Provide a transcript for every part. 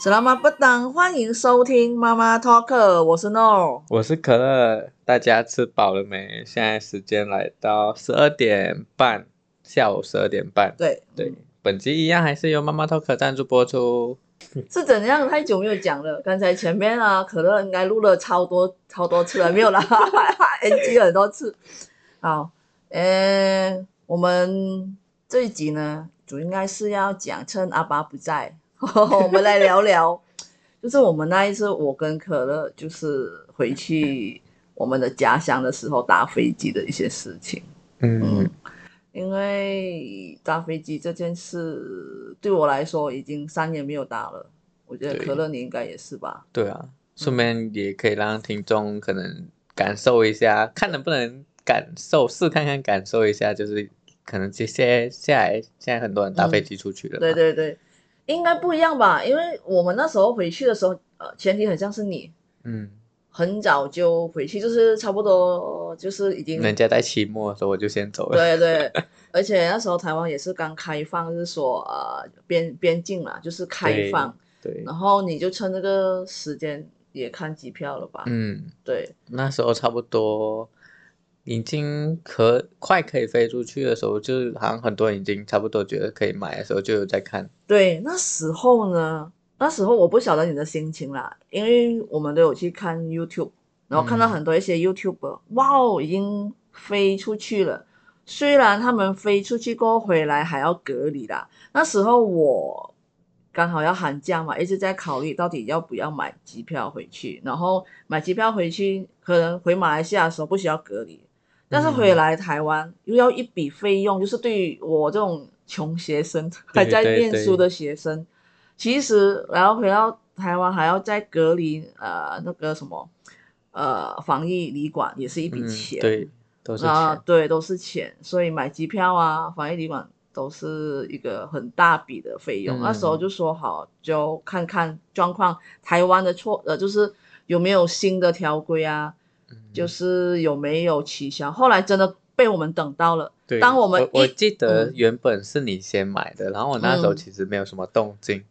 Selamat petang，歡迎收聽媽媽 talker，我是 Nur，我是可樂，大家吃飽了沒？現在時間來到十二點半，下午十二點半，對對，對，嗯、本集一樣還是由媽媽 talker 贊助播出。是怎樣？太久沒有講了， 剛才前面啊，可樂應該錄了超多超多次了，沒有啦，NG 了 很多次。好，嗯，我們這一集呢，主應該是要講趁阿爸不在。 我們來聊聊，就是我們那一次，我跟可樂就是回去我們的家鄉的時候，搭飛機的一些事情。嗯，嗯，因為搭飛機這件事對我來說已經三年沒有搭了，我覺得可樂你應該也是吧？對，對啊，順便也可以讓聽眾可能感受一下，嗯、看能不能感受試看看感受一下，就是可能這些現在現在很多人搭飛機出去了，嗯。對對對。應該不一樣吧，因為我們那時候回去的時候，呃，前提很像是你，嗯，很早就回去，就是差不多，就是已經。人家在期末，所以我就先走了。對對，而且那時候台灣也是剛開放，就是說，呃，邊邊境啦，就是開放。對。對，然後你就趁這個時間也看機票了吧？嗯，對。那時候差不多。已經可快可以飛出去的時候，就是好像很多人已經差不多覺得可以買的時候，就有在看。對，那時候呢，那時候我不曉得你的心情啦，因為我們都有去看 YouTube，然後看到很多一些 YouTuber，、嗯、哇，已經飛出去了。雖然他們飛出去過回來還要隔離啦。那時候我剛好要寒假嘛，一直在考慮到底要不要買機票回去，然後買機票回去可能回馬來西亞的時候不需要隔離。但是回來台灣又要一筆費用，嗯、就是對於我這種窮學生，還在念書的學生，對對對，其實然後回到台灣還要再隔離，呃，那個什麼，呃，防疫旅館也是一筆錢、嗯，對，都是錢，對，都是錢，所以買機票啊，防疫旅館都是一個很大筆的費用。嗯、那時候就說好，就看看狀況，台灣的錯，呃，就是有沒有新的條規啊，就是有沒有取消？後來真的被我們等到了。當我們我記得原本是你先買的，然後我那時候其實沒有什麼動靜，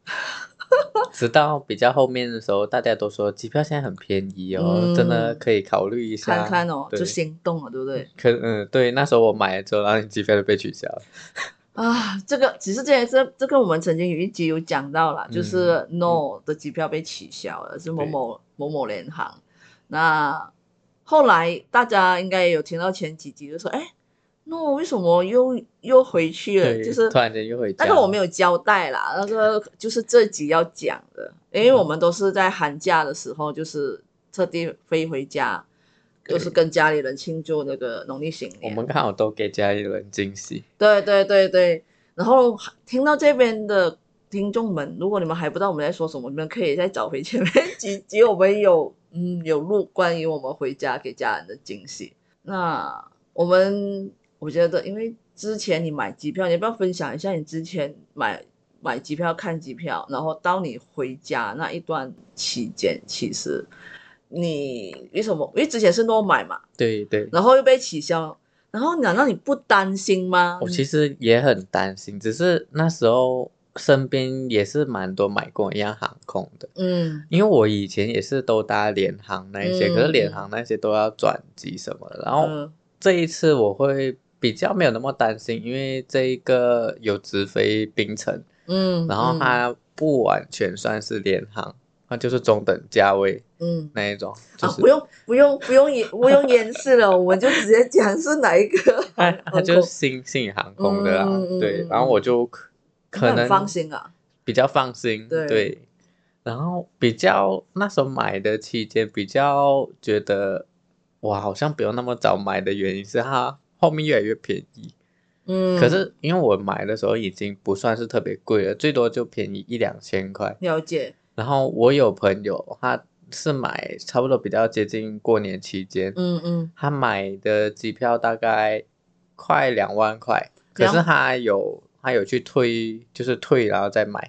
直到比較後面的時候，大家都說機票現在很便宜哦，真的可以考慮一下。看看哦，就心動了，對不對？可嗯，對，那時候我買了之後，然後機票就被取消了。啊，這個其實這件事，這個我們曾經有一集有講到了，就是 Nur 的機票被取消了，是某某某某聯航，那。後來大家應該有聽到前幾集，就說：“哎，那我為什麼又又回去了？”就是突然間又回去。但是我沒有交代啦。那個、嗯、就是這集要講的，因為我們都是在寒假的時候，就是特地飛回家，對就是跟家裡人慶祝那個農曆新年。我們剛好都給家裡人驚喜。對對對對，然後聽到這邊的聽眾們，如果你們還不知道我們在說什麼，你們可以再找回前面幾集我們有。嗯，有錄關於我們回家給家人的驚喜。那我們，我覺得，因為之前你買機票，你要不要分享一下你之前買買機票、看機票，然後到你回家那一段期間，其實你為什麼？因為之前是諾買嘛，對對，對然後又被取消，然後難道你不擔心嗎？我其實也很擔心，只是那時候。身邊也是蠻多買過一樣航空的，嗯，因為我以前也是都搭聯航那些，可是聯航那些都要轉機什麼的，然後這一次我會比較沒有那麼擔心，因為這一個有直飛檳城，嗯，然後它不完全算是聯航，它就是中等價位，嗯，那一種，就是。不用不用不用演，不用掩飾了，我就直接講是哪一個，它它就是星宇航空的啊。對，然後我就。可能放心啊，比較放心，對，然後比較那時候買的期間，比較覺得哇，好像不用那麼早買的原因是他後面越來越便宜。嗯，可是因為我買的時候已經不算是特別貴了，最多就便宜一兩千塊。了解。然後我有朋友，他是買差不多比較接近過年期間，嗯嗯，他買的機票大概快兩萬塊，可是他有。他有去退，就是退然後再買，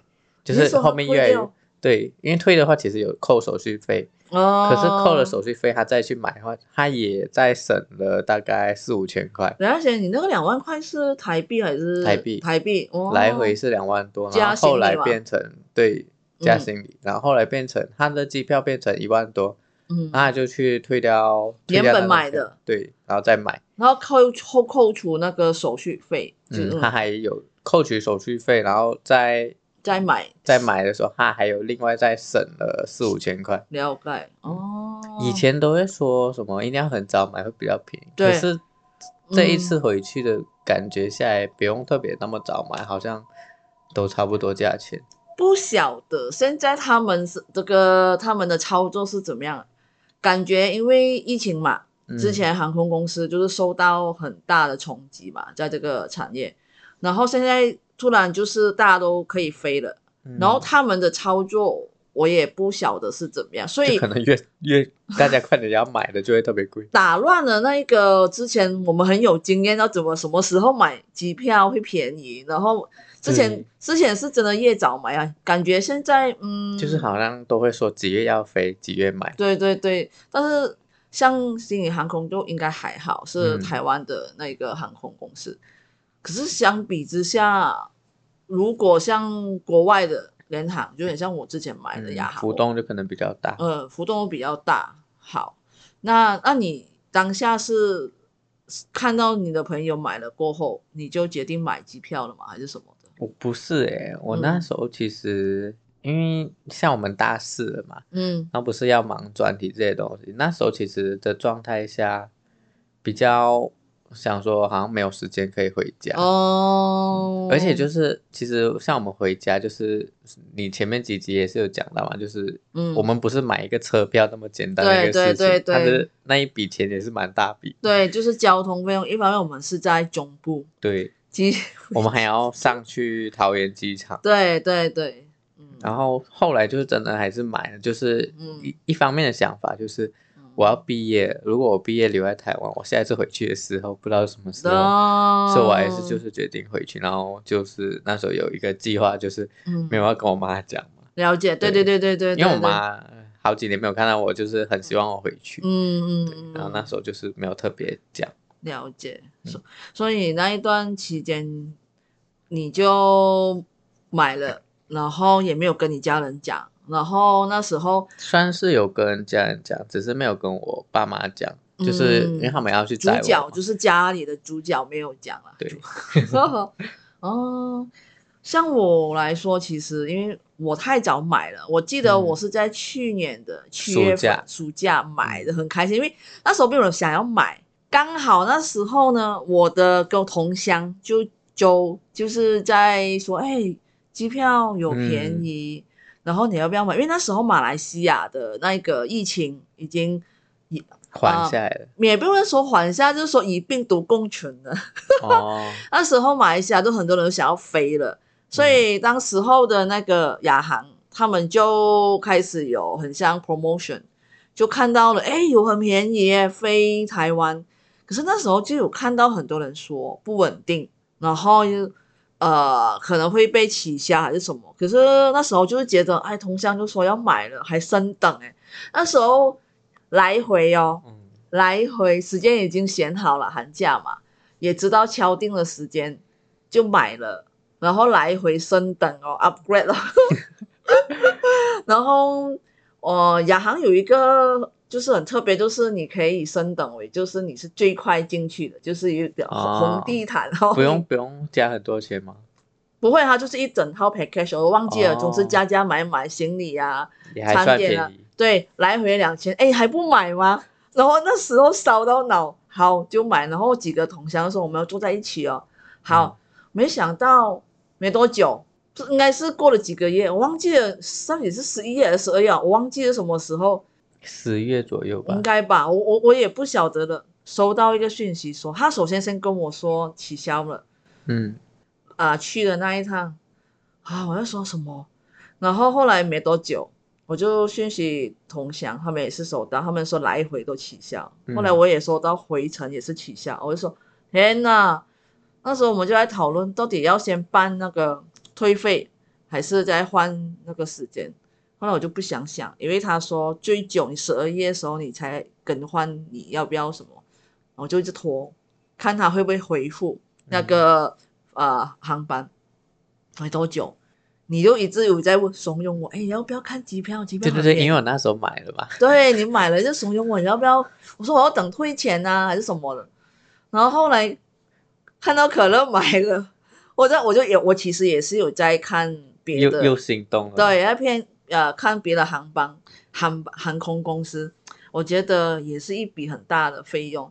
就是後面越，來越，對，因為退的話其實有扣手續費，哦，可是扣了手續費，他再去買的話，他也再省了大概四五千塊。然後現在你那個兩萬塊是台幣還是？台幣，台幣，哦、來回是兩萬多，然後後來變成對，加行李，嗯、然後後來變成他的機票變成一萬多，嗯，然後就去退掉，退掉原本買的，對，然後再買，然後扣扣扣除那個手續費，就是嗯，他還有。扣取手續費，然後再再買再買的時候，他還有另外再省了四五千塊。了解，哦，以前都會說什麼一定要很早買會比較便宜，對可是這一次回去的感覺下來，不用特別那麼早買，嗯、好像都差不多價錢。不曉得現在他們是這個他們的操作是怎麼樣？感覺因為疫情嘛，之前航空公司就是受到很大的衝擊嘛，在這個產業。然後現在突然就是大家都可以飛了，嗯、然後他們的操作我也不曉得是怎麼樣，所以可能越越大家快點要買的就會特別貴，打亂了那一個之前我們很有經驗，要怎麼什麼時候買機票會便宜？然後之前、嗯、之前是真的越早買啊，感覺現在嗯，就是好像都會說幾月要飛幾月買，對對對，但是像星宇航空就應該還好，是台灣的那個航空公司。嗯可是相比之下，如果像國外的聯航，就有點像我之前買的亞航，嗯，浮動就可能比較大。呃、嗯，浮動比較大。好，那那你當下是看到你的朋友買了過後，你就決定買機票了嗎？還是什麼的？我不是誒、欸，我那時候其實、嗯、因為像我們大四了嘛，嗯，那不是要忙專題這些東西，那時候其實的狀態下比較。想說好像沒有時間可以回家哦、oh, 嗯，而且就是其實像我們回家，就是你前面幾集也是有講到嘛，嗯、就是嗯，我們不是買一個車票那麼簡單的一個事情，對對對對，它的那一筆錢也是蠻大筆。對，就是交通費用，一方面我們是在中部，對，其實我們還要上去桃園機場。對對對，對對嗯、然後後來就是真的還是買，就是一、嗯、一方面的想法就是。我要畢業，如果我畢業留在台灣，我下一次回去的時候不知道什麼時候，嗯、所以我還是就是決定回去，然後就是那時候有一個計劃，就是沒有要跟我媽講、嗯、了解。對對對對對，對，因為我媽好幾年沒有看到我，就是很希望我回去。嗯嗯嗯，然後那時候就是沒有特別講。了解。所、嗯、所以那一段期間，你就買了，然後也沒有跟你家人講，然後那時候算是有跟家人講，只是沒有跟我爸媽講，嗯、就是因為他們要去載我，主角就是家裡的主角沒有講了。對， 哦，像我來說，其實因為我太早買了，我記得我是在去年的七月份暑假買的，很開心，嗯、因為那時候並沒有想要買，剛好那時候呢，我的跟我同鄉就就就是在說，哎，機票有便宜。嗯然後你要不要買？因為那時候馬來西亞的那個疫情已經緩下來了，也不會說緩下，就是說以病毒共存了。哦、 那時候馬來西亞都很多人想要飛了，嗯、所以當時候的那個亞航，他們就開始有很像 promotion，就看到了，哎，有很便宜飛台灣。可是那時候就有看到很多人說不穩定，然後又。呃，可能會被取消還是什麼？可是那時候就是覺得，哎，同鄉就說要買了，還升等哎、欸。那時候來回哦，嗯、來回時間已經選好了，寒假嘛，也知道敲定了時間就買了，然後來回升等哦，upgrade 了。 然後哦、呃，亞航有一個。就是很特別，就是你可以升等位，就是你是最快進去的，就是一個紅地毯、哦、然後不用不用加很多錢嗎？不會，它就是一整套 package，我忘記了。哦、總是加加買買行李呀、啊，還餐點啊，對，來回兩千，哎，還不買嗎？然後那時候燒到腦，好就買。然後幾個同鄉說我們要住在一起哦，好，嗯、沒想到沒多久，應該是過了幾個月，我忘記了，上也是十一月還是十二月、啊，我忘記了什麼時候。十月左右吧，應該吧，我我我也不曉得了。收到一個訊息說，他首先先跟我說取消了，嗯，啊，去的那一趟，啊，我要說什麼？然後後來沒多久，我就訊息同鄉，他們也是收到，他們說來回都取消。嗯、後來我也收到回程也是取消，我就說天哪，那時候我們就來討論到底要先辦那個退費，還是再換那個時間。後來我就不想想，因為他說最久你十二月的時候你才更換，你要不要什麼？我就一直拖，看他會不會回復那個啊、嗯呃、航班。沒、哎、多久，你就一直有在慫恿我，哎，要不要看機票？機票對對對，因為我那時候買了吧？對，你買了就慫恿我，你要不要？我說我要等退錢呢、啊，還是什麼的。然後後來看到可樂買了，我在我就有，我其實也是有在看別的，又，又心動了，對，那片呃，看別的航班，航航空公司，我覺得也是一筆很大的費用。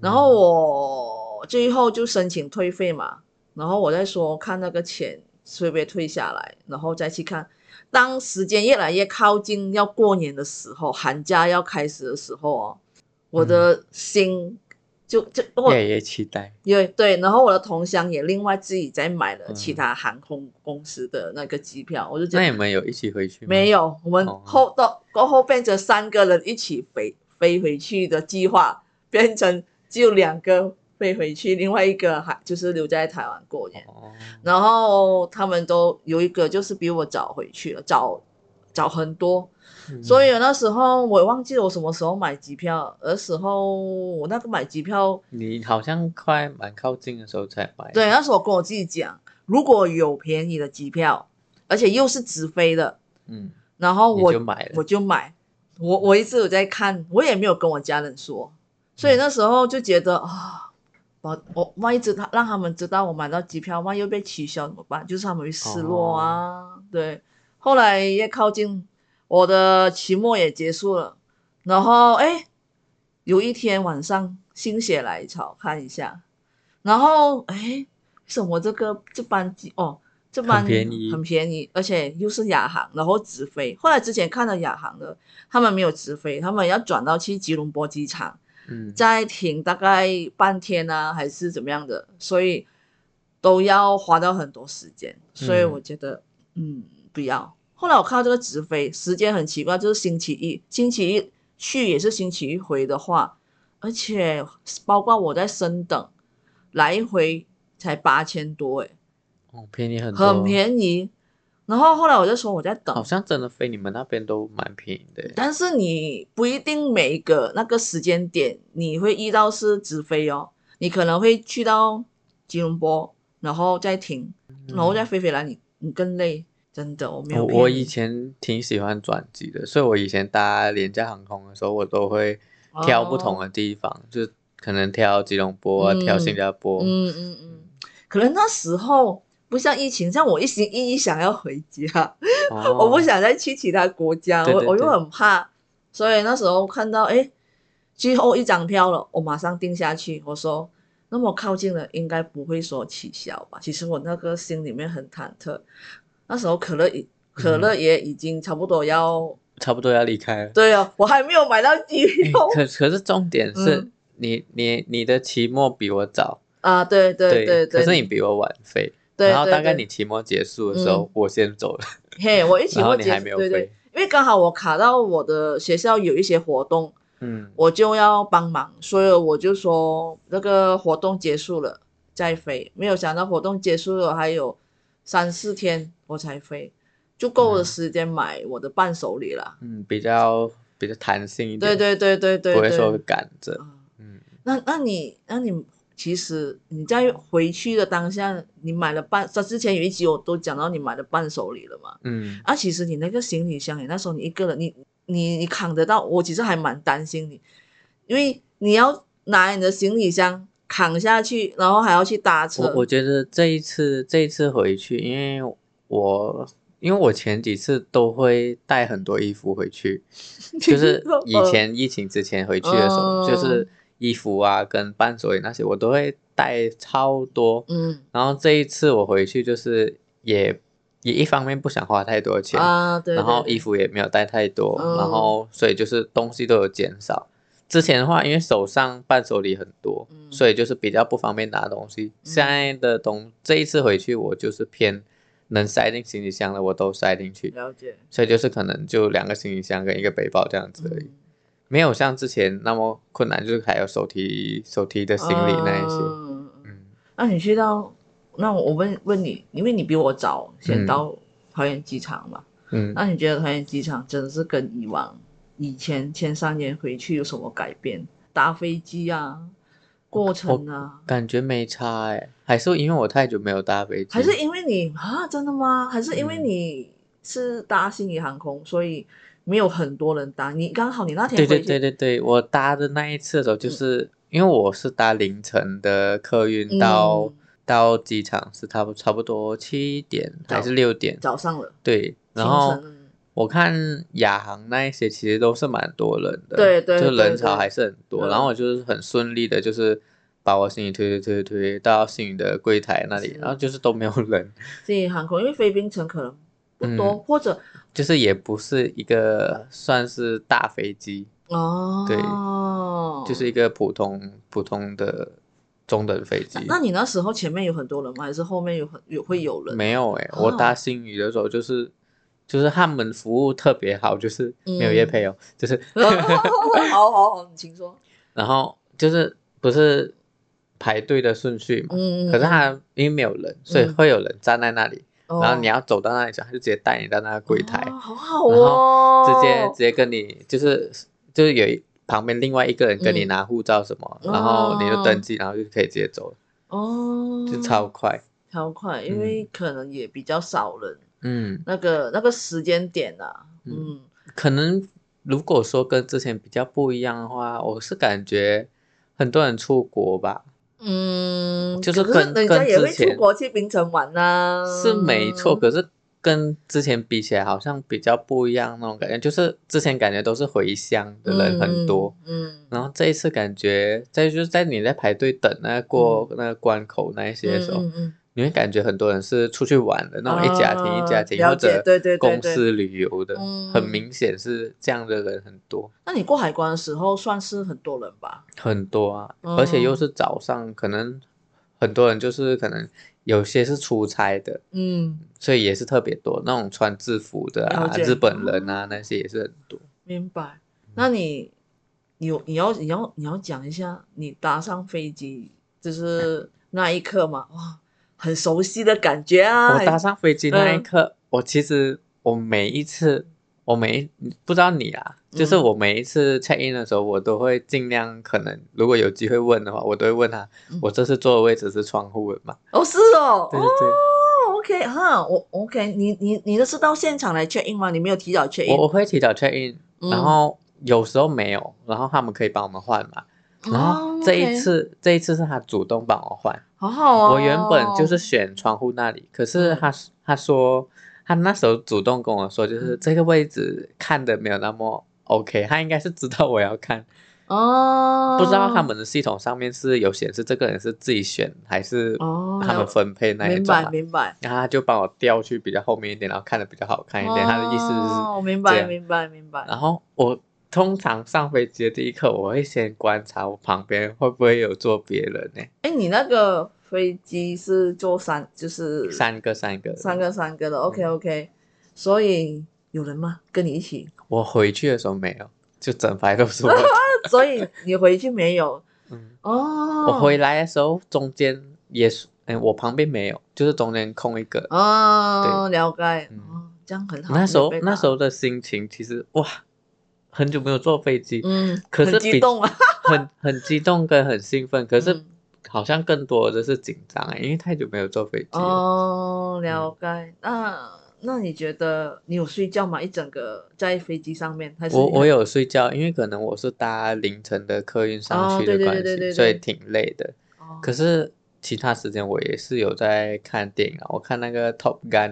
然後我最後就申請退費嘛，然後我再說看那個錢會不會被退下來，然後再去看。當時間越來越靠近要過年的時候，寒假要開始的時候，哦、我的心。嗯就就也也、yeah, yeah, 期待，因為對，對，然後我的同鄉也另外自己再買了其他航空公司的那個機票，嗯、我就覺得，那你們有一起回去嗎？沒有，我們後、oh. 到過後變成三個人一起飛飛回去的計劃，變成只有兩個飛回去，另外一個還就是留在台灣過年。Oh. 然後他們都有一個就是比我早回去了，早。找很多，所以那時候我忘記了我什麼時候買機票，那時候我那個買機票，你好像快蠻靠近的時候才買。對，那時候我跟我自己講，如果有便宜的機票，而且又是直飛的，嗯，然後我就，我就買，我就買，我我一直有在看，我也沒有跟我家人說，所以那時候就覺得啊，我我萬一知道，讓他們知道我買到機票，萬一又被取消怎麼辦？就是他們會失落啊，哦、對。後來越靠近，我的期末也結束了。然後哎，有一天晚上心血來潮看一下，然後哎，什麼這個這班機哦，這班很，很，很便宜，而且又是亞航，然後直飛。後來之前看了亞航的，他們沒有直飛，他們要轉到去吉隆坡機場，嗯，再停大概半天啊，還是怎麼樣的，所以都要花掉很多時間。所以我覺得，嗯。嗯不要。後來我看到這個直飛時間很奇怪，就是星期一，星期一去也是星期一回的話，而且包括我在升等，來一回才八千多哎，哦，便宜很，很便宜。然後後來我就說我在等，好像真的飛你們那邊都蠻便宜的。但是你不一定每一個那個時間點你會遇到是直飛哦，你可能會去到吉隆坡，然後再停，然後再飛回來，你你更累。真的，我沒有。我以前挺喜歡轉機的，所以我以前搭廉價航空的時候，我都會挑不同的地方，哦、就可能挑吉隆坡啊，嗯、挑新加坡。嗯嗯嗯。嗯嗯可能那時候不像疫情，像我一心一意想要回家，哦、 我不想再去其他國家，我我又很怕，所以那時候看到哎、欸，最後一張票了，我馬上定下去。我說那麼靠近了，應該不會說取消吧？其實我那個心裡面很忐忑。那時候可樂已可樂也已經差不多要、嗯、差不多要離開了。對呀、啊，我還沒有買到機票、欸。可可是重點是、嗯、你你你的期末比我早啊，對對對對，對，對。可是你比我晚飛，對對對對，然後大概你期末結束的時候，嗯、我先走了。嘿，Hey, 我一起然後你還沒有飛。對對。因為剛好我卡到我的學校有一些活動，嗯，我就要幫忙，所以我就說那個活動結束了再飛。沒有想到活動結束了還有。三四天我才飛，就夠了時間買我的伴手禮了。嗯，比較比較彈性一點。對對對對，對，對我不會說會趕着。嗯，那那你那你其實你在回去的當下，你買了伴，這之前有一集我都講到你買了伴手禮了嘛。嗯。啊，其實你那個行李箱，你那時候你一個人，你你你扛得到？我其實還蠻擔心你，因為你要拿你的行李箱。扛下去，然後還要去搭車。我我覺得這一次，這一次回去，因為我因為我前幾次都會帶很多衣服回去， 就是以前疫情之前回去的時候， 嗯、就是衣服啊跟伴手禮那些，我都會帶超多。嗯。然後這一次我回去就是也也一方面不想花太多錢，啊、對對，然後衣服也沒有帶太多，嗯、然後所以就是東西都有減少。之前的話，因為手上伴手禮很多，嗯、所以就是比較不方便拿東西。嗯、現在的東西，這一次回去我就是偏能塞進行李箱的我都塞進去。了解。所以就是可能就兩個行李箱跟一個背包這樣子而已，嗯、沒有像之前那麼困難，就是還有手提手提的行李那一些。呃、嗯，那你去到，那我問問你，因為你比我早先到桃園機場嘛，嗯，那你覺得桃園機場真的是跟以往？以前前三年回去有什麼改變？搭飛機啊，過程啊，感覺沒差哎、欸，還是因為我太久沒有搭飛機，還是因為你啊，真的嗎？還是因為你是搭悉尼航空，嗯、所以沒有很多人搭。你剛好你那天對對對對對，我搭的那一次的時候，就是、嗯、因為我是搭凌晨的客運到、嗯、到機場，是差不差不多七點、嗯、還是六點？早上了。對，然後。我看亞航那一些其實都是蠻多人的，對對，對對，就是人潮還是很多。對對對，然後我就是很順利的，就是把我行李推推推推推到星宇的櫃檯那裡，是然後就是都沒有人。星宇航空因為飛檳城可能不多，嗯、或者就是也不是一個算是大飛機哦，對，就是一個普通普通的中等飛機。那你那時候前面有很多人嗎？還是後面有很有，有會有人？沒有哎、欸，我搭星宇的時候就是。哦就是他們服務特別好，就是沒有業配哦，就是。好好好，你請說。然後就是不是排隊的順序嘛？可是他因為沒有人，所以會有人站在那裡，然後你要走到那裡去，他就直接帶你到那個櫃檯。好好哦。然後直接直接跟你就是就是有一旁邊另外一個人跟你拿護照什麼，然後你就登記，然後就可以直接走了。哦。就超快。超快，因為可能也比較少人。嗯，那個那個時間點啊，嗯，嗯，可能如果說跟之前比較不一樣的話，我是感覺很多人出國吧。嗯，就是可能人家也會出國去檳城玩吶，啊。嗯、是沒錯，可是跟之前比起來，好像比較不一樣那種感覺。就是之前感覺都是回鄉的人很多，嗯，嗯嗯，然後這一次感覺在就是在你在排隊等那個過、嗯、那個關口那一些時候。嗯嗯嗯你會感覺很多人是出去玩的那種，一家庭一家庭，或者對對對公司旅遊的，很明顯是這樣的人很多。那你過海關的時候算是很多人吧？很多啊，而且又是早上，可能很多人就是可能有些是出差的，嗯，所以也是特別多。那種穿制服的啊，日本人啊，那些也是很多。明白。那你有你要你要你要講一下你搭上飛機就是那一刻嘛。哇！很熟悉的感覺啊！我搭上飛機那一刻，啊、我其實我每一次我每一不知道你啊，嗯、就是我每一次 check in 的時候，我都會儘量可能如果有機會問的話，我都會問他，嗯、我這次坐的位置是窗戶的嘛？哦，是哦，對對對、oh，OK 哈、huh，我 OK，你你你這是到現場來 check in 嗎？你沒有提早 check in？我我會提早 check in，嗯、然後有時候沒有，然後他們可以幫我們換嘛。然後這一次、oh, okay. 這一次是他主動幫我換。好好啊、哦！我原本就是選窗戶那裡，可是他他說他那時候主動跟我說，就是這個位置看的沒有那麼 OK。他應該是知道我要看，哦，不知道他們的系統上面是有顯示這個人是自己選還是他們分配那一，明白明白。明白，然後他就幫我調去比較後面一點，然後看的比較好看一點。哦、他的意思就是這樣。明白明白明白。明白明白，然後我。通常上飛機的第一刻，我會先觀察我旁邊會不會有坐別人呢、欸？哎、欸，你那個飛機是坐三，就是三個三個，三個三個的。嗯、OK OK，所以有人嗎？跟你一起？我回去的時候沒有，就整排都是我。 所以你回去沒有？嗯哦。Oh. 我回來的時候中間也是，哎、欸，我旁邊沒有，就是中間空一個。哦、oh, 對。了解哦。嗯、這樣很好。那時候那時候的心情其實哇。很久沒有坐飛機，嗯，可是激動啊， 很很激動跟很興奮，可是好像更多的是緊張欸，因為太久沒有坐飛機。哦，了解。嗯。那那你覺得你有睡覺嗎？一整個在飛機上面？我我有睡覺，因為可能我是搭凌晨的客運上去的關係，所以挺累的。哦。可是其他時間我也是有在看電影啊，我看那個《Top Gun》。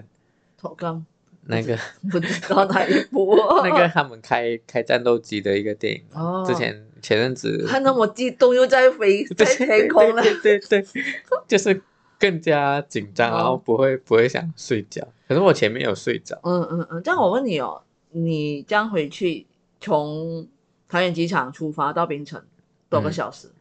Top Gun。 那個不知道哪一部， 那個他們開開戰鬥機的一個電影，哦，oh, 之前前陣子看到我激動，又在飛在天空了，對對，對對 就是更加緊張，oh. 然後不會不會想睡覺，可是我前面有睡着，嗯嗯嗯，這樣我問你哦，你將回去從桃園機場出發到檳城，多個小時、嗯，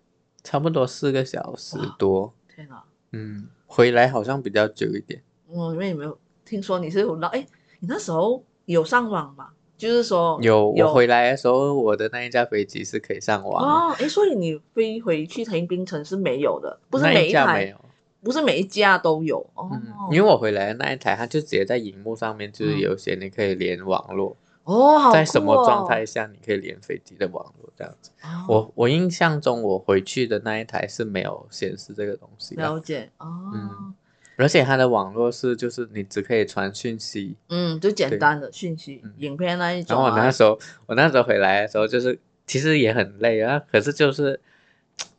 差不多四個小時多，天哪，嗯，回來好像比較久一點，我因為有沒有聽說你是有到哎。你那時候有上網嗎？就是說有，有我回來的時候，我的那一架飛機是可以上網哦。哎，所以你飛回去哈冰城是沒有的，不是每一,一沒有。不是每一架都有哦、嗯。因為我回來的那一台，它就直接在螢幕上面，就是有些你可以連網絡、嗯、哦，哦在什麼狀態下你可以連飛機的網絡這樣子。哦、我我印象中，我回去的那一台是沒有顯示這個東西的。了解哦。嗯而且它的網絡是，就是你只可以傳訊息，嗯，就簡單的對訊息、嗯、影片那一種、啊。然後我那時候，我那時候回來的時候，就是其實也很累啊，可是就是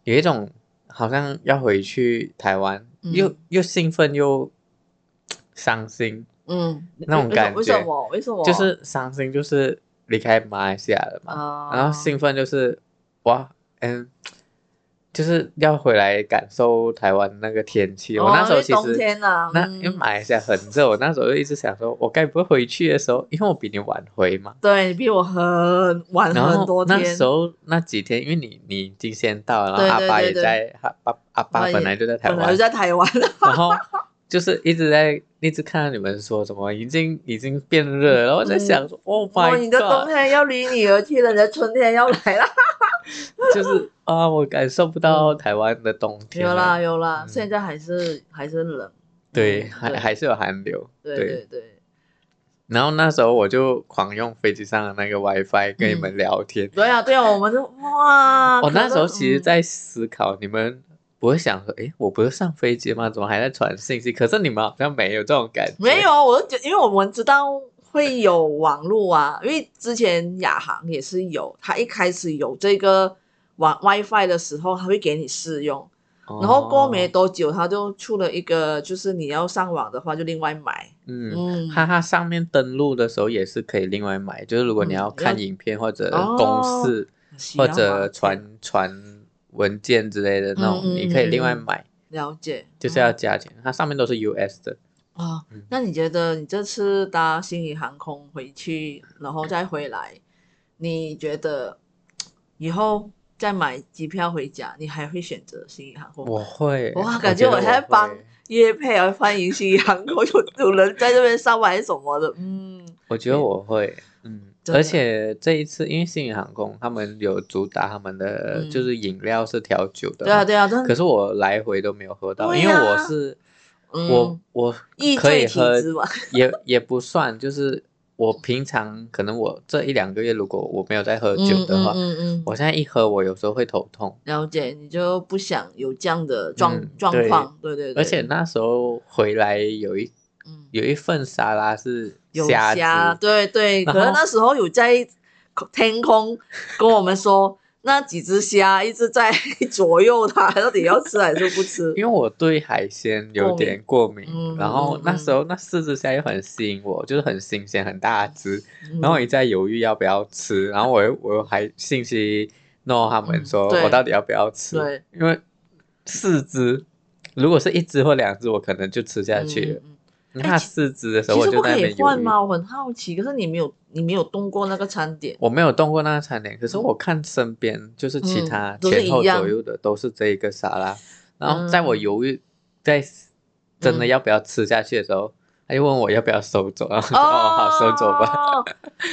有一種好像要回去台灣、嗯，又又興奮又傷心，嗯，那種感覺。為什麼？為什麼？就是傷心，就是離開馬來西亞了嘛，啊、然後興奮就是哇，嗯。就是要回來感受台灣那個天氣。哦、我那時候其實，因為冬天了,那因為馬來西亞很熱，嗯、我那時候就一直想說，我該不會回去的時候，因為我比你晚回嘛。對，你比我很晚回後很多天。那時候那幾天，因為你你已經先到了，然後阿爸也在，阿爸阿爸本來就在台灣，我就在台灣。然後就是一直在一直看到你們說什麼已經已經變熱了，然後我在想說，嗯 oh my god、哦哇。你的冬天要離你而去了，你的春天要來了。 就是啊、哦，我感受不到台灣的冬天了有。有啦有啦，嗯、現在還是還是冷。對，對還還是有寒流。對對對。對對然後那時候我就狂用飛機上的那個 WiFi 跟你們聊天。嗯、對啊對啊，我們就哇！我、 哦、那時候其實在思考，你們不會想說，哎、嗯欸，我不是上飛機嗎？怎麼還在傳信息？可是你們好像沒有這種感覺。沒有啊，我就因為我們知道。會有網絡啊，因為之前亞航也是有，它一開始有這個網 WiFi 的時候，他會給你試用，哦、然後過沒多久，它就出了一個，就是你要上網的話，就另外買。嗯，嗯它它上面登錄的時候也是可以另外買，嗯、就是如果你要看影片或者公式、哦啊、或者傳傳文件之類的那種，嗯嗯嗯嗯你可以另外買。了解，就是要加錢，嗯、它上面都是 US 的。啊、哦，那你覺得你這次搭星宇航空回去，嗯、然後再回來，你覺得以後再買機票回家，你還會選擇星宇航空？我會，哇，感覺我還在幫業配啊，歡迎星宇航空有有人在這邊上班什麼的，嗯，我覺得我會，嗯，的而且這一次因為星宇航空他們有主打他們的就是飲料是調酒的，對啊對啊，可是我來回都沒有喝到，啊、因為我是。嗯、我我可以喝也， 也也不算，就是我平常可能我這一兩個月，如果我沒有在喝酒的話，嗯嗯，嗯嗯我現在一喝，我有時候會頭痛。了解，你就不想有這樣的狀、嗯、狀況，對對，對。而且那時候回來有一有一份沙拉是蝦，蝦，對對。 可能那時候有在天空跟我們說。 那幾隻蝦一直在左右他到底要吃還是不吃？ 因為我對海鮮有點過敏，哦嗯、然後那時候那四隻蝦又很吸引我，就是很新鮮、很大隻，然後一直在猶豫要不要吃，然後我我又還信息，弄他們說我到底要不要吃？嗯、對因為四隻，如果是一隻或兩隻，我可能就吃下去了那試四的時候，我就、欸、不可以換嗎？我很好奇，可是你沒有你沒有動過那個餐點，我沒有動過那個餐點。可是我看身邊就是其他前後左右的都是這一個沙拉，嗯、然後在我猶豫在真的要不要吃下去的時候，他又、嗯、問我要不要收走，然後哦，哦，好收走吧，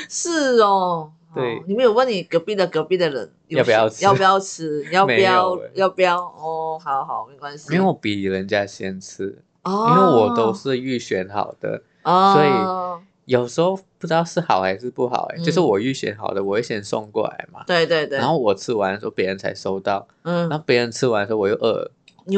是哦，對哦，你沒有問你隔壁的隔壁的人要不要，要不要吃？要不要吃？要不要不要？哦，好好，沒關係，因為我比人家先吃。哦，因為我都是預選好的，oh. Oh. 所以有時候不知道是好還是不好，哎、嗯，就是我預選好的，我會先送過來嘛，對對對，然後我吃完的時候，別人才收到，嗯，然後別人吃完的時候，我又餓，你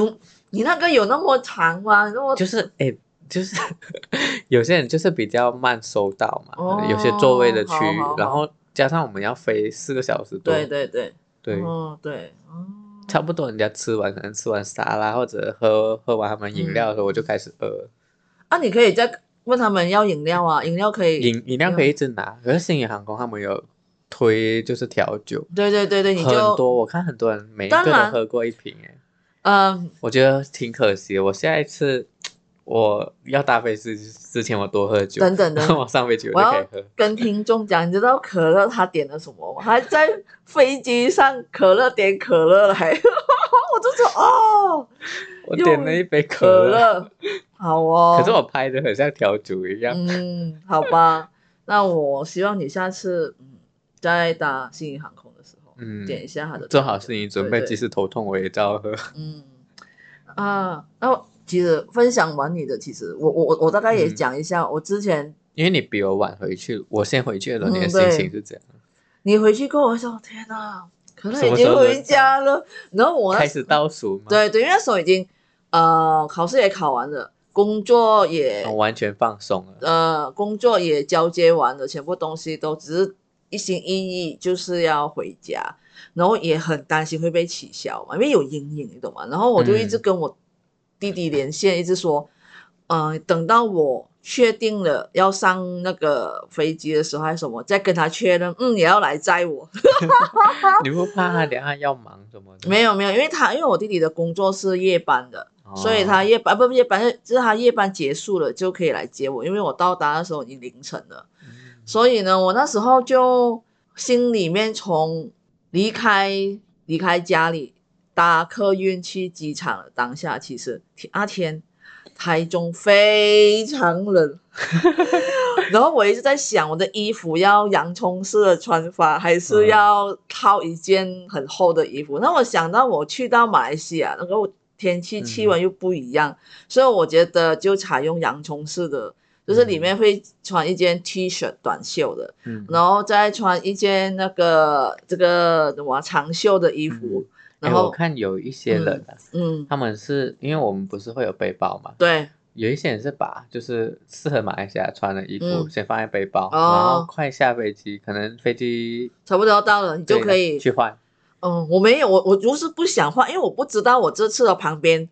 你那個有那麼長嗎？就是哎、欸，就是 有些人就是比較慢收到嘛，oh, 有些座位的區域，好好好，然後加上我們要飛四個小時多，對對對，對，哦對，嗯。差不多，人家吃完，吃完沙拉或者喝喝完他們飲料的時候，我就開始餓、嗯。啊，你可以再問他們要飲料啊，飲料可以飲飲料可以一直拿。嗎可是星宇航空他們有推就是調酒，對對對對，你就很多我看很多人每一個人都喝過一瓶誒、欸。嗯，呃、我覺得挺可惜，我下一次。我要搭飛機之前，我多喝酒，等等等我上飛機，我就可以喝。跟聽眾講，你知道可樂他點了什麼嗎？還在飛機上可樂點可樂了，還， 我就說哦，我點了一杯可樂，可樂好哦。可是我拍的很像調酒一樣。嗯，好吧，那我希望你下次嗯，在搭星宇航空的時候，嗯，點一下他的。做好心理準備，即使頭痛我也照喝。對對嗯，啊，然後。其實分享完你的，其實我我我大概也講一下，嗯、我之前因為你比我晚回去，我先回去的，嗯、你的心情是怎樣？你回去跟我說天哪，可能已經回家了。然後我開始倒數。對對，因為那時候已經，呃，考試也考完了，工作也、嗯、完全放鬆了。呃，工作也交接完了，全部東西都只是一心一意就是要回家，然後也很擔心會被取消嘛，因為有陰影，你懂嗎？然後我就一直跟我。嗯弟弟連線一直說，嗯、呃，等到我確定了要上那個飛機的時候還是什麼，再跟他確認，嗯，也要來載我。 你會怕他等下要忙什麼？沒有沒有，因為他因為我弟弟的工作是夜班的，哦、所以他夜班、啊、不不夜班，就是他夜班結束了就可以來接我，因為我到達的時候已經凌晨了。嗯、所以呢，我那時候就心裡面從離開離開家裡。搭客運去機場的當下，其實天，阿、啊、天，台中非常冷， 然後我一直在想，我的衣服要洋蔥式的穿法，還是要套一件很厚的衣服？哦、那我想到我去到馬來西亞，那個天氣氣溫又不一樣，嗯、所以我覺得就採用洋蔥式的，就是裡面會穿一件 T 恤短袖的，嗯、然後再穿一件那個這個什麼長袖的衣服。嗯哎，我看有一些人嗯，嗯，他們是因為我們不是會有背包嘛？對，有一些人是把就是適合馬來西亞穿的衣服，嗯、先放在背包，哦、然後快下飛機，可能飛機差不多到了，你就可以去換。嗯，我沒有，我我就是不想換，因為我不知道我這次的旁邊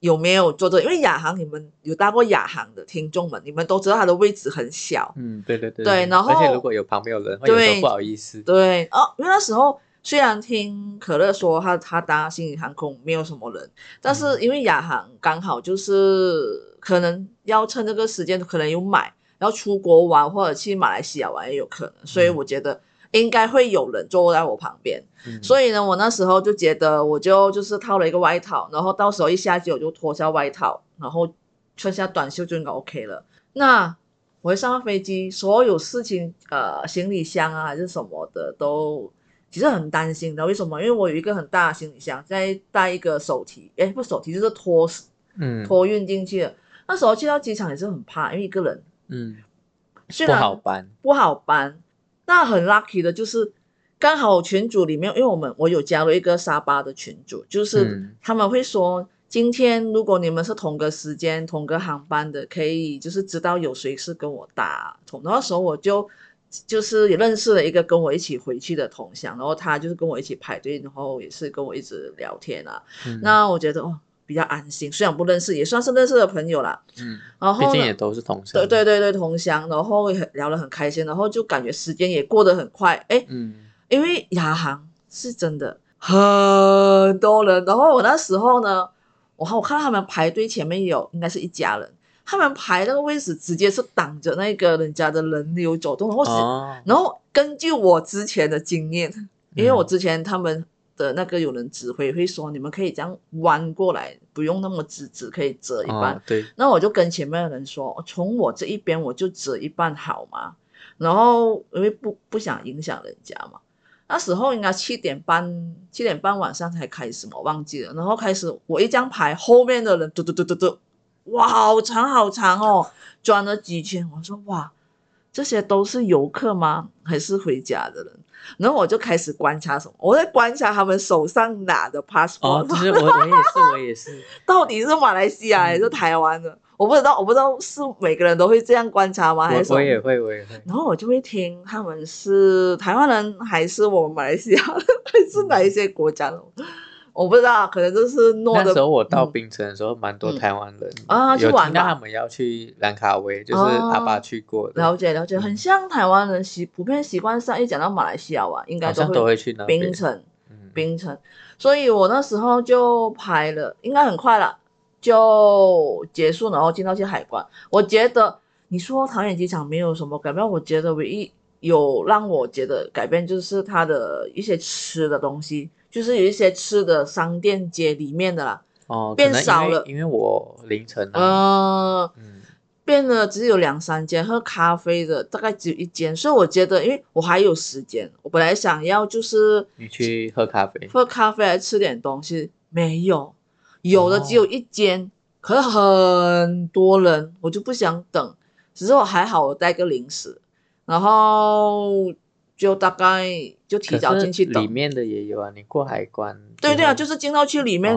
有沒有坐着這個，因為亞航，你們有搭過亞航的聽眾們，你們都知道它的位置很小。嗯，對對對。對，然後而且如果有旁邊的人，對會有不好意思對。對，哦，因為那時候。雖然聽可樂說他他搭星宇航空沒有什麼人，但是因為亞航剛好就是可能要趁這個時間可能有買，要出國玩或者去馬來西亞玩也有可能，所以我覺得應該會有人坐在我旁邊。嗯、所以呢，我那時候就覺得我就就是套了一個外套，然後到時候一下機我就脫下外套，然後穿下短袖就應該 OK 了。那我一上飛機，所有事情呃，行李箱啊還是什麼的都。其實很擔心的，為什麼？因為我有一個很大的行李箱，再帶一個手提，哎，不手提就是拖，嗯，托運進去了。嗯、那時候去到機場也是很怕，因為一個人，嗯，雖然不好搬，不好搬。那很 lucky 的就是，剛好群組裡面，因為我們我有加入一個沙巴的群組就是他們會說，嗯、今天如果你們是同個時間、同個航班的，可以就是知道有誰是跟我搭。從那時候我就。就是也認識了一個跟我一起回去的同鄉，然後他就是跟我一起排隊，然後也是跟我一直聊天啊。嗯、那我覺得哦比較安心，雖然不認識，也算是認識的朋友啦。嗯，然後畢竟也都是同鄉。對對對對，同鄉，然後聊得很開心，然後就感覺時間也過得很快。哎、欸，嗯、因為亞航是真的很多人，然後我那時候呢，我我看到他們排隊前面有應該是一家人。他們排那個位置，直接是擋着那個人家的人流走動，然後、啊，然後根據我之前的經驗，嗯、因為我之前他們的那個有人指揮會說，你們可以這樣彎過來，不用那麼直，直，可以折一半。啊、對。那我就跟前面的人說，從我這一邊我就折一半，好嗎？然後因為不不想影響人家嘛。那時候應該七點半，七點半晚上才開始嘛，忘記了。然後開始我一張牌，後面的人嘟嘟嘟嘟嘟，嘟。哇，好長好長哦，轉了幾圈。我說哇，這些都是遊客嗎？還是回家的人？然後我就開始觀察什麼？我在觀察他們手上拿的 passport。哦、就是我，我也是，我也是。 到底是馬來西亞還是台灣的？嗯、我不知道，我不知道，是每個人都會這樣觀察嗎？我，我也會，我也會。然後我就會聽他們是台灣人還是我們馬來西亞，還是哪一些國家的？嗯 我不知道，可能就是諾，那時候我到檳城的時候，蠻多台灣人、嗯嗯、啊，有去玩。那他們要去蘭卡威，就是阿爸去過的。啊、了解了解，很像台灣人習、嗯、普遍習慣上，一講到馬來西亞吧、啊，應該都會，好像都會去那檳城，檳城。嗯、所以我那時候就拍了，應該很快了就結束，然後進到去海關。我覺得你說桃園機場沒有什麼改變，我覺得唯一有讓我覺得改變就是它的一些吃的東西。就是有一些吃的商店街裡面的啦，哦，變少了，因為我凌晨、啊，呃、嗯，變了，只有兩三間喝咖啡的，大概只有一間，所以我覺得，因為我還有時間，我本來想要就是你去喝咖啡，喝咖啡還吃點東西，沒有，有的只有一間，哦、可是很多人，我就不想等，只是我還好，我帶個零食，然後。就大概就提早進去，裡面的也有啊，你過海關。對對啊，後就是進到去裡面，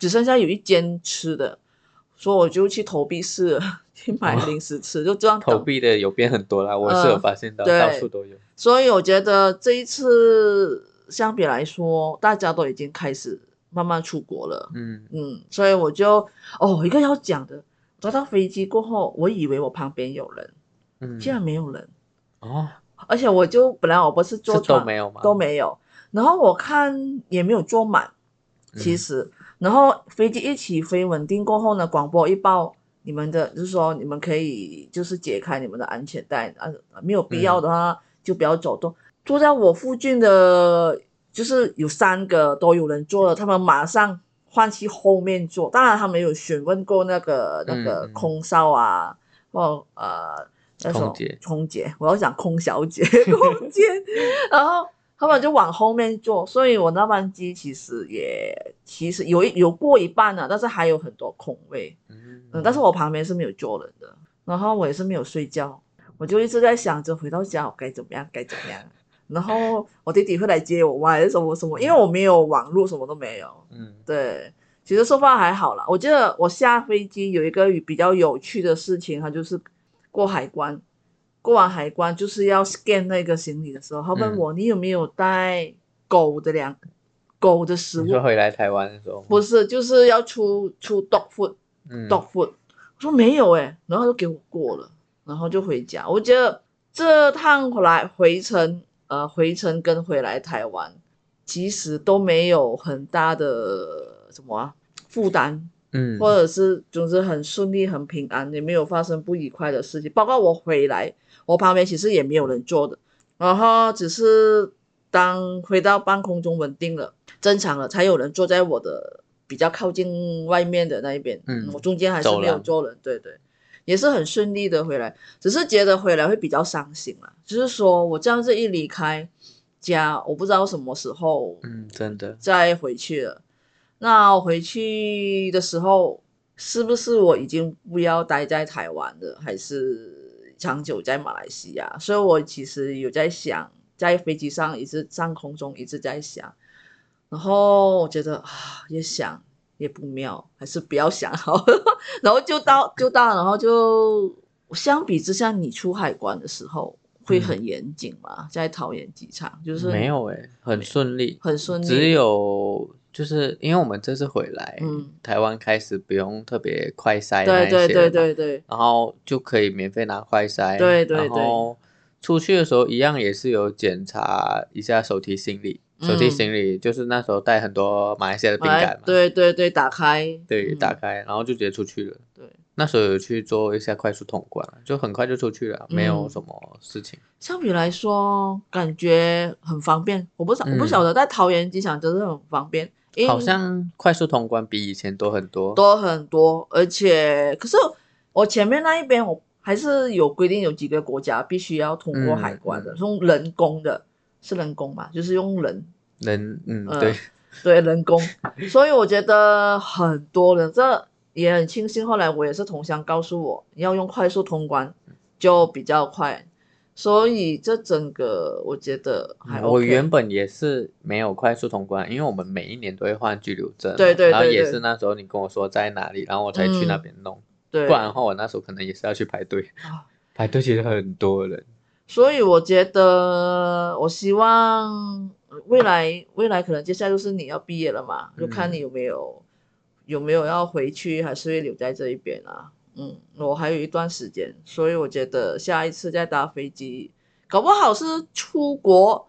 只剩下有一間吃的，哦、所以我就去投幣室去買零食吃，哦、就這樣。投幣的有變很多啦，我是有發現的，呃、到處都有。所以我覺得這一次相比來說，大家都已經開始慢慢出國了。嗯嗯，所以我就哦一個要講的，坐到飛機過後，我以為我旁邊有人，嗯，竟然沒有人。哦。而且我就本來我不是坐船是都沒有，都沒有。然後我看也沒有坐滿，其實。嗯、然後飛機一起飛穩定過後呢，廣播一報，你們的就是說你們可以就是解開你們的安全帶，啊，沒有必要的話就不要走動。嗯、坐在我附近的，就是有三個都有人坐了，他們馬上換去後面坐。當然，他沒有詢問過那個那個空少啊，嗯、或呃。空姐，空姐，我要講空小姐，空姐。 然後他們就往後面坐，所以我那班機其實也其實有一，有過一半了，啊，但是還有很多空位。嗯，嗯，但是我旁邊是沒有坐人的，然後我也是沒有睡覺，我就一直在想着回到家我該怎麼樣，該怎麼樣。然後我弟弟會來接我，玩，什麼什麼，因為我沒有網絡，什麼都沒有。嗯，對，其實說話還好了。我記得我下飛機有一個比較有趣的事情，它就是。過海關，過完海關就是要 scan 那個行李的時候，他問我你有沒有帶狗的糧、嗯、狗的食物？你說回來台灣的時候。不是，就是要出出 dog food，dog、嗯、food。我說沒有誒、欸、然後就給我過了，然後就回家。我覺得這趟回來回程，呃，回程跟回來台灣，其實都沒有很大的什麼、啊、負擔。嗯，或者是總之很順利，很平安，也沒有發生不愉快的事情。包括我回來，我旁邊其實也沒有人坐的，然後只是當回到半空中穩定了，正常了，才有人坐在我的比較靠近外面的那一邊。嗯，我中間還是沒有坐人，對對，也是很順利的回來，只是覺得回來會比較傷心啊，就是說我這樣子一離開家，我不知道什麼時候，嗯，真的再回去了。那我回去的時候，是不是我已經不要待在台灣了，還是長久在馬來西亞？所以我其實有在想，在飛機上一直上空中一直在想，然後我覺得啊，也想也不妙，還是不要想好。然後就到就到，然後就相比之下，你出海關的時候會很嚴謹嗎？嗯，在桃園機場就是沒有哎，欸，很順利，很順利，只有。就是因為我們這次回來，台灣開始不用特別快篩那些，對對對對對，然後就可以免費拿快篩，對對對，然後出去的時候一樣也是有檢查一下手提行李，手提行李就是那時候帶很多馬來西亞的餅乾嘛，對對對，打開，對打開，然後就直接出去了，對，那時候有去做一下快速通關，就很快就出去了，沒有什麼事情。相比來說，感覺很方便。我不曉我不曉得在桃園機場就是很方便。好像快速通關比以前多很多，多很多，而且可是我前面那一邊我還是有規定，有幾個國家必須要通過海關的，嗯、用人工的，是人工嘛，就是用人，人、嗯，呃、嗯，對，對，人工，所以我覺得很多人 這也很慶幸，後來我也是同鄉告訴我，要用快速通關就比較快。所以這整個我覺得還、OK 嗯、我原本也是沒有快速通關，因為我們每一年都會換居留證，對對對，然後也是那時候你跟我說在哪裡，然後我才去那邊弄，嗯、對，不然的話我那時候可能也是要去排隊，排隊其實很多人。所以我覺得，我希望未來未來可能接下來就是你要畢業了嘛，嗯、就看你有沒有有沒有要回去，還是會留在這一邊啊。嗯，我還有一段時間，所以我覺得下一次再搭飛機，搞不好是出國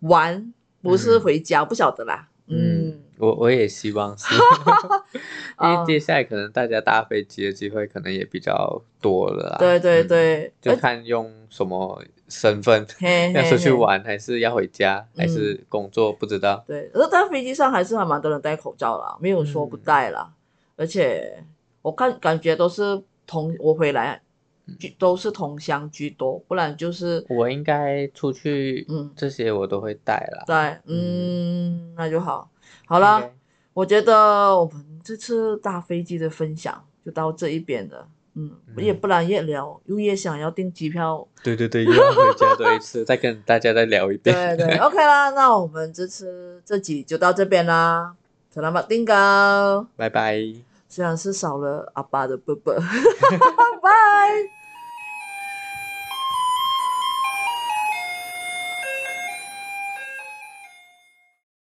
玩，不是回家，嗯、不曉得啦。嗯，我我也希望是， 因為接下來可能大家搭飛機的機會可能也比較多了。 啊嗯、對對對，就看用什麼身份、欸、要出去玩，嘿嘿嘿還是要回家，嗯、還是工作，不知道。對，而在飛機上還是還蠻多人戴口罩啦，沒有說不戴啦。嗯、而且我看感覺都是。同我回來，居都是同鄉居多，不然就是我應該出去，嗯，這些我都會帶啦。嗯嗯、對，嗯，那就好，好啦，Okay. 我覺得我們這次搭飛機的分享就到這一邊了。嗯，嗯也不然越聊，又越想要訂機票。對對對，又要回家多一次， 再跟大家再聊一遍。對對，對，OK 啦，那我們這次這集就到這邊啦，陳老板，定高，拜拜。雖然是少了阿爸的啵啵，哈，拜拜。